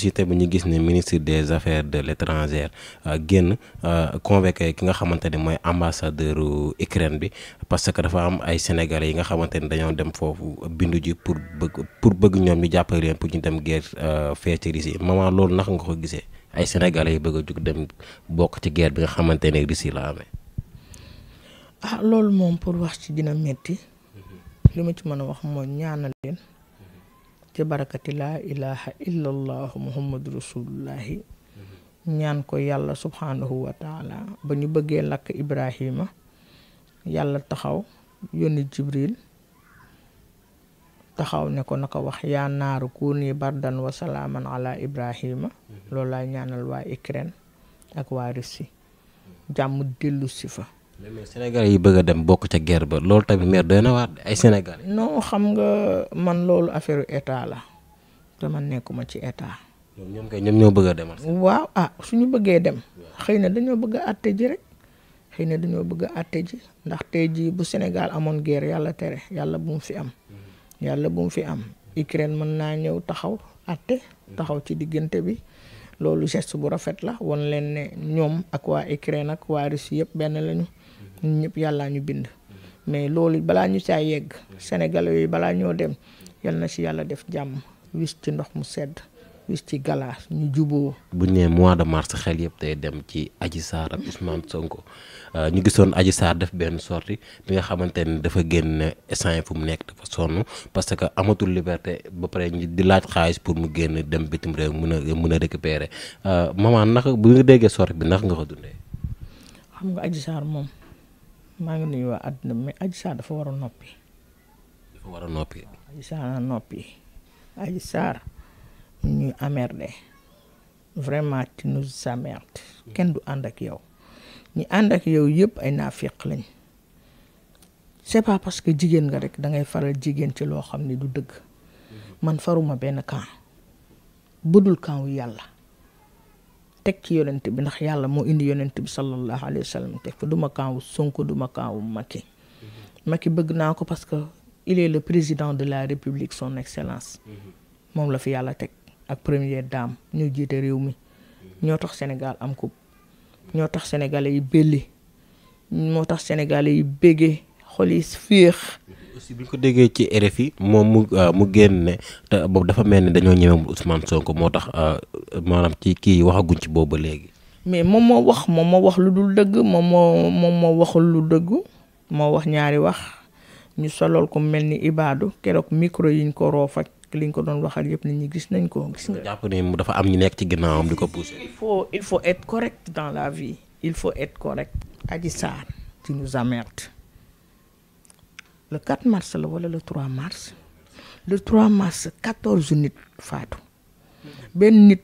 aussi tamit ñu gis ne ministre des affaires de l' étranger euh, génn euh, convoqué ki nga xamante ne mooy ambassadeur Ukraine bi parce que dafa am ay sénégalais yi nga xamante ne dañoo dem foofu bindu ji pour bëgg pour bëgg ñoom ñu jàppale leen pour ñu dem guerre euh, fee ci Russie maman loolu naka nga ko gisee ay sénégalais yi bëgg a jug dem bokk ci guerre bi nga xamante ne Russie la amee. ah loolu moom pour wax ci dina metti li ma ci mën a wax mooy ñaanal leen. ci barakati laa ilaha illa muhammadu rasulullahi ñaan ko yàlla subhanahu wa taala ba ñu bëggee lakk ibrahima yàlla taxaw yónni jibril taxaw ne ko naka wax yaa naaru kuuni bardan wa salaaman ala ibrahima mm-hmm. loolu laay ñaanal waa Ukraine ak waa Russie jàmm dellu si mais Sénégal yi bëgg a dem bokk ca guerre ba loolu tamit meer doy na waar ay Sénégal. non xam nga man loolu affaire état la te man nekkuma ci état. ñoom kay ñoom ñoo bëgg a demal. waaw ah suñu bëggee dem. xëy na dañoo bëgg a àtte ji rek. xëy na dañoo bëgg a àtte ji ndax te jii bu Sénégal amoon guerre yàlla tere yàlla bu mu fi am. Mm-hmm. yàlla bu mu fi am Ukraine mën naa ñëw taxaw àtte. taxaw ci diggante bi. loolu geste bu rafet la wan leen ne ñoom ak waa Ukraine nag waa Russie yëpp benn lañu ñun ñëpp yàlla ñu bind mais loolu balaa ñu caa yegg Sénégalais yi balaa ñoo dem yal na ci yàlla def jàmm wis ci ndox mu sedd wis ci galaas ñu juboo bu ñu mois de mars xel yëpp tey dem ci aji Sarr ak Ousmane Sonko euh, ñu gisoon Adji saar def benn sortie bi nga xamante ne dafa génn instant fu mu nekk dafa sonn parce que amatul liberté ba pare ñu di laaj xaalis pour mu génn dem bitim réew mun a mun a récupérer euh, maman naka bu nga déggee sortie bi ndax nga ko dundee. xam nga Adji Sarr moom maa ngi nuyu waa àdduna mais Adji Sarr dafa war a noppi. dafa war a noppi. Adji Sarr noppi Adji Sarr. ñu amerde vraiment nu nous emmerdes kenn du ànd ak yow ñi ànd ak yow yëpp ay naafiq lañ c'est pas parce que jigéen nga rek da ngay faral jigéen ci loo xam ne du dëgg man faruma benn camp budul camp wu yàlla teg ci yonent bi ndax yàlla moo indi yonent bi sallallahu alayhi wa sallam teg fa du ma camp wu Sonko du ma camp wu Macky bëgg naa ko parce que il le président de la république son excellence moom la fi yàlla teg ak première dame ñu jiite réew mi ñoo tax senegal am coupe ñoo tax sénégalais yi belli moo tax sénégalais yi béggee xol yi féex. aussi bi ñu ko déggee ci RFI moom mu euh, mu génn ne te boobu dafa mel ni dañoo ñëwee Ousmane Sonko moo tax euh, maanaam ci kii waxaguñ ci boobu ba léegi. mais moom moo wax moom moo wax lu dul dëgg moom moo moom moo waxul lu dëgg moo wax ñaari wax ñu solool ko mel ni ibaadu keroog micro yi ñu ko roofaj que li ko doon waxal yëpp nit ñi gis nañ ko. gis nga jàpp mu dafa am ñu nekk ci ginnaawam di ko pousser. il faut il faut être correct dans la vie. il faut être correct. Adji Sarr tu nous emmerdes le 4 mars la wala le 3 mars le 3 mars 14 nit faatu benn nit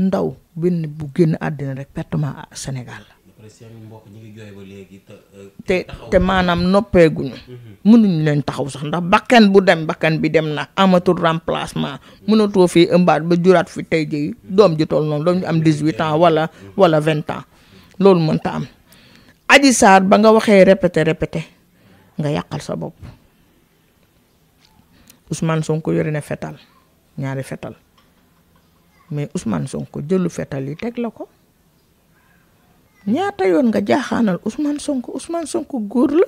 ndaw benn bu génn àddina rek pertement Sénégal après seen mbokk ñi ngi jooy ba léegi te euh, te maanaam noppeeguñu mhm. mënuñu leen taxaw sax ndax bakkan bu dem bakkan bi dem na amatul remplacement mënatoo fii ëmbaat ba juraat fi tey jii doom ji toll noonu doom ji am dix-huit ans wala wala vingt ans loolu mënta am aji Sarr ba nga waxee répété répété nga yàqal sa bopp Ousmane Sonko yore ne fetal ñaari fetal mais Ousmane Sonko jëlu fetal yi teg la ko ñaata yoon nga jaaxaanal Ousmane sunk Ousmane Sonko góor la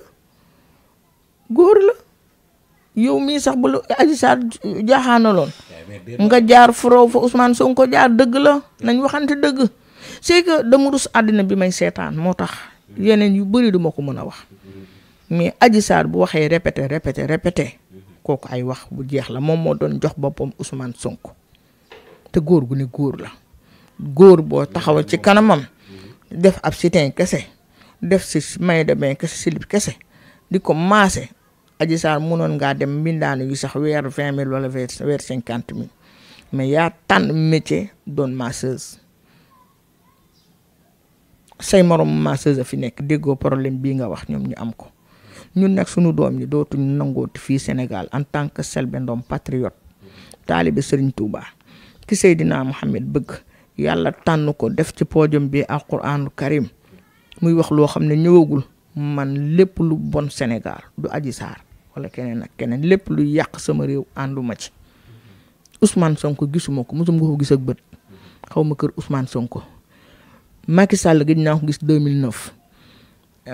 góor la yow mii sax bu la Adji Sarr jaaxaanaloon eh, nga jaar forow fa Ousmane Sonko jaar dëgg la nañ waxante dëgg c'est que dama rus àddina bi may seetaan moo tax yeneen yu bëri duma ko mën a wax mais aji Sarr bu waxee répété répété répété kooku ay wax bu jeex la moom moo doon jox boppam Ousmane Sonko te góor gu ne góor la góor boo taxaw ci kanamam def ab sitin kese def si maillot de bain kese slip kese di ko maase Adji Sarr munoon ngaa dem mbindaanu yu sax weer vingt mille wala weer cinquante mille mais yaa tànn métier doon masseuse say morom masseuse a fi nekk déggoo problème bii nga wax ñoom ñu am ko ñun nag sunu doom ñi dootuñ nangooti fii Sénégal en tant que Selbé Ndom patriote taalibe Serigne Touba ki Seydina Mohamed bëgg yàlla tànn ko def ci podium bi alquraanu karim muy wax loo xam ne ñëwagul man lépp lu bon Sénégal du Adji Sarr wala keneen ak keneen lépp lu yàq sama réew ànduma ci Ousmane Sonko gisuma ko mosum nga ko gis ak bët xaw ma kër Ousmane Sonko Macky Sall gëj naa ko gis 2009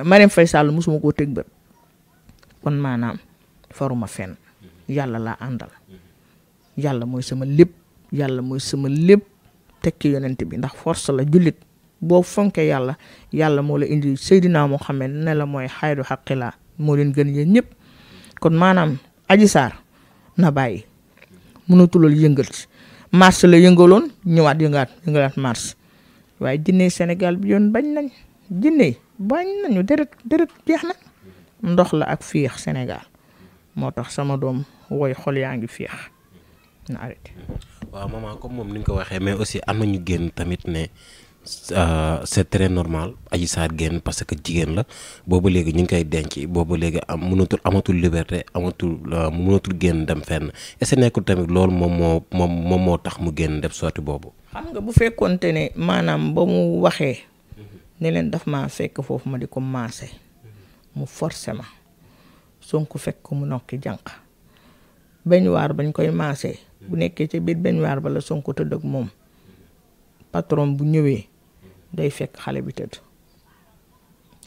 Marème Faye Sall mosuma koo teg bët kon maanaam faruma fenn yàlla laa àndal yàlla mooy sama lépp yàlla mooy sama lépp. teg ci yonent bi ndax force la jullit boo fonkee yàlla yàlla moo la indi Seydina Muhammad ne la mooy xayru xaqila moo leen gën yéen ñëpp kon maanaam aji na bàyyi mënatulal yëngal ci mars la yëngaloon ñëwaat yëngaat yëngalaat mars waaye jinne Sénégal bi yoon bañ nañ jinne bañ nañu deret deret jeex na ndox la ak fiix Sénégal moo tax sama doom woy xol yaa ngi fiix na arrêté waaw maman comme moom ni ñu ko waxee mais aussi am na ñu génn tamit ne euh, c'est très normal Adji Sarr génn parce que jigéen la boobu léegi ñu ngi koy denc boobu léegi am mënatul amatul liberté amatul euh, munatul génn dem fenn est nekkul tamit loolu moom moo moom moom moo tax mu génn def sorti boobu. xam nga bu fekkoonte ne maanaam ba mu waxee. ne leen daf maa fekk foofu ma di ko maase. mu forcé ma Sonko fekk mu nokki jànq. bañuwaar bañ koy maasee bu nekkee ca biir bañuwaar ba la Sonko tëdd ak moom patron bu ñëwee day fekk xale bi tëdd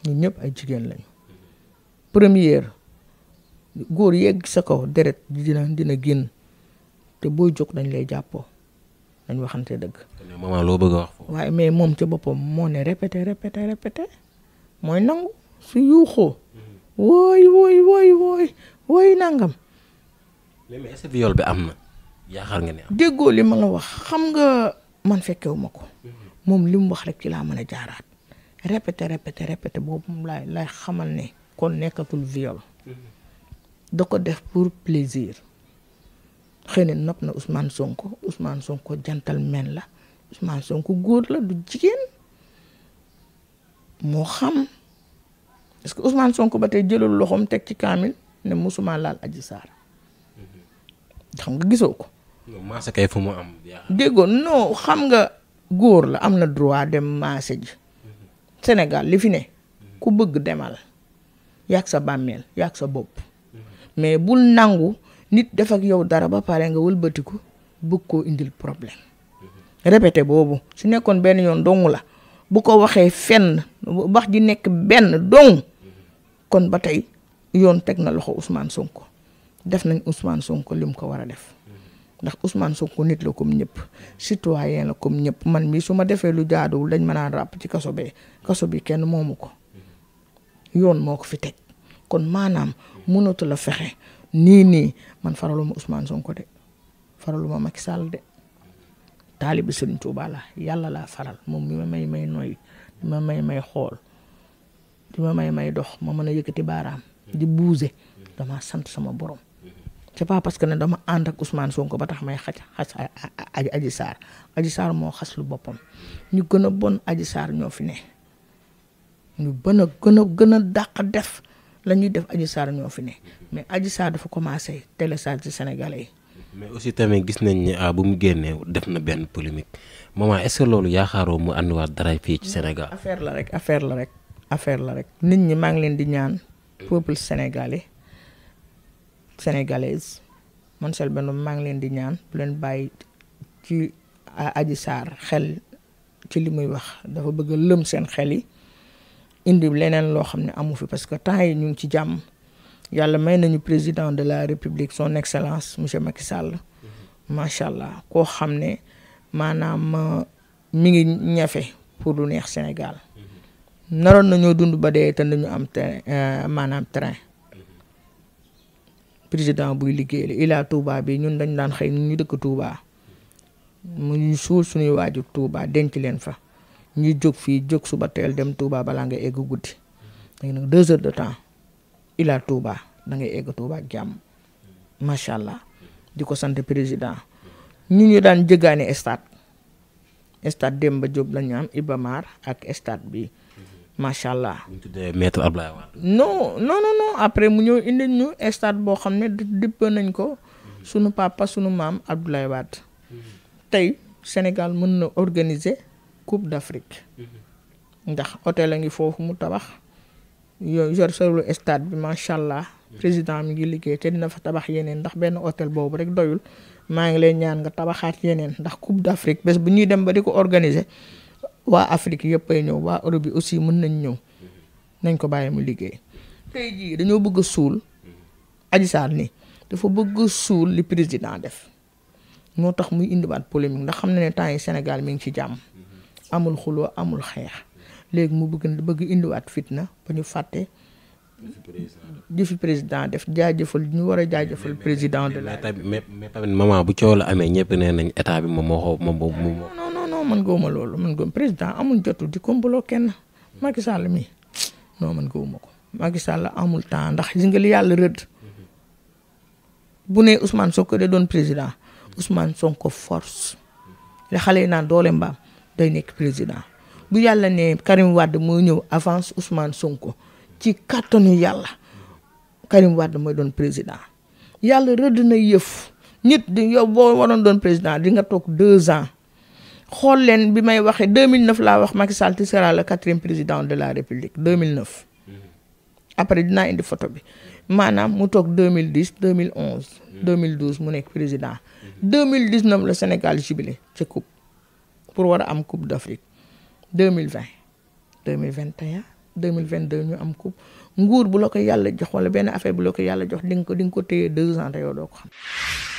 ñu ñëpp ay jigéen lañu première góor yegg sa kaw deret dina dina génn te booy jóg dañ lay jàppoo dañ waxante dëgg. maman loo bëgg a wax. waaye mais moom ci boppam moo ne répété répété répété mooy nangu su yuuxoo. Mm-hmm. wooy wooy wooy wooy wooy mais bi am na yaakaar nga ne am. déggoo li ma la wax xam nga man fekkewuma ko mm-hmm. moom li mu wax rek ci laa mën a jaaraat répété répété répété boobu moom laay lay xamal ne kon nekkatul viol. Mm-hmm. da ko def pour plaisir. xëy na nopp na Ousmane Sonko Ousmane Sonko gentleman la Ousmane Sonko góor la du jigéen moo xam parce que Ousmane Sonko ba tey jëlul loxoom teg ci kaamil ne musuma laal Adji Sarr xam nga gisoo ko. maase fu mu am. déggoo non xam nga góor la am na droit dem maase ji. Mhm. Sénégal li fi ne. Mhm. ku bëgg demal. yàgg sa bàmmeel yàgg sa bopp. Mhm. mais bul nangu nit def ak yow dara ba pare nga wëlbatiku bëgg koo indil problème. répété boobu su nekkoon benn yoon dong la bu ko waxee fenn bax ji nekk benn dong kon ba tey yoon teg na loxo Ousmane Sonko. def nañ Ousmane Sonko lim ko war a def ndax Ousmane Sonko nit la kom ñëpp citoyen la comme ñëpp man mii su ma defee lu jaaduwul dañ ma naan ràpp ci kaso bee kaso bi kenn moomu ko yoon moo ko fi kon maanaam mënatu la fexe nii nii man faraluma usmaan Ousmane Sonko de faraluma ma Sall de taalibi Serigne Touba la yàlla laa faral moom mi ma may may noy ma may may xool di ma may may dox ma mën a yëkkati baaraam di buuse dama sant sama borom c'est parce que ne dama ànd ak Ousmane Sonko ba tax may xaj xas Adji Sarr Adji Sarr moo xas lu boppam ñu gën a bon Adji saar ñoo fi ne ñu bën a gën a gën a dàq def lañuy def Adji Sarr ñoo fi ne mais Adji Sarr dafa commencé télécharge ci sénégal yi. mais aussi tamit gis nañ ni ah, bu mu génnee def na benn polémique moom est-ce que loolu yaakaaroo mu àndiwaat dara fii ci Sénégal. affaire la rek affaire la rek affaire la rek. nit ñi maa ngi leen di ñaan. peuple sénégalais. sénégalaise man Selbé Ndom maa ngi leen di ñaan bu leen bàyyi ci Adji Sarr xel ci li muy wax dafa bëgg lëm seen xel yi indi leneen loo xam ne amu fi parce que temps yi ñu ngi ci jàmm yàlla may nañu président de la république son excellence monsieur Macky Sall macha allah koo xam ne maanaam euh, mi ngi ñafe pour lu neex Sénégal mm-hmm. naroon na ñoo dund ba dee te nañu am train euh, maanaam train président buy liggéey la ilaa Touba bi ñun dañ daan xëy ñu dëkk Touba mu ñu suul suñuy waajur Touba denc leen fa ñu jóg fii jóg suba teel dem Touba balaa nga egg guddi léegi nag deux heures de temps ilaa Touba da ngay egg Touba jàmm macha allah di ko sant président ñu ñu daan jëgaane stade stade dem ba la lañu am Iba ak stade bi. macha allah. bu ñu tuddee maître Ablaye Wade. non non non après mu ñëw indi ñu stade boo xam ne dipp nañ ko sunu papa suñu maam Abdoulaye Wade tey Sénégal mën na organiser coupe d'Afrique ndax hôtel a ngi foofu mu tabax yo yor solu stade bi macha allah président mi ngi liggéey te dina fa tabax yeneen ndax benn hôtel boobu rek doyul maa ngi lay ñaan nga tabaxaat yeneen ndax coupe d'Afrique bés bu ñuy dem ba di ko organiser. waa Afrique yëpp ay ñëw waa Europe yi aussi mën nañ ñëw nañ ko bàyyi mu liggéey tey jii dañoo bëgg suul Adji Sarr nii dafa bëgg suul li président def moo tax muy indiwaat polémique ndax xam na ne temps yi Sénégal mi ngi ci jàmm amul xuloo amul xeex léegi mu bëgg bëgg indiwaat fitna ba ñu fàtte jëfi président def jaajëfal ñu war a jaajëfal président de la mais mais tamit maman bu coow la amee ñëpp nee nañ état bi moom moo xaw moom moom non man gëwuma loolu man gëwuma président amul jotu di kombaloo kenn Macky Sall mi non man gëwuma ko Macky Sall amul temps ndax gis nga li yàlla rëdd bu ne Ousmane Sonko de doon président Ousmane Sonko force li xale yi doole mbaam day nekk président bu yàlla ne Karim Wade mooy ñëw avance Ousmane Sonko ci kàttanu yàlla Karim wadd mooy doon président yàlla rëdd na yëf nit di yow boo waroon doon président di nga toog deux ans xool leen bi may waxee 2009 laa wax Macky Sall tu seras le quatrième président de la République 2009. Mm-hmm. après dinaa indi photo bi maanaam mu toog 2010 2011. 2012 mu nekk président. 2019 la Sénégal jubilé ci coupe pour war a am coupe d' Afrique 2020 2021 2022 ñu am coupe nguur bu la ko yàlla jox wala benn affaire bu la ko yàlla jox di nga ko di nga ko téye deux ans te yow doo ko xam.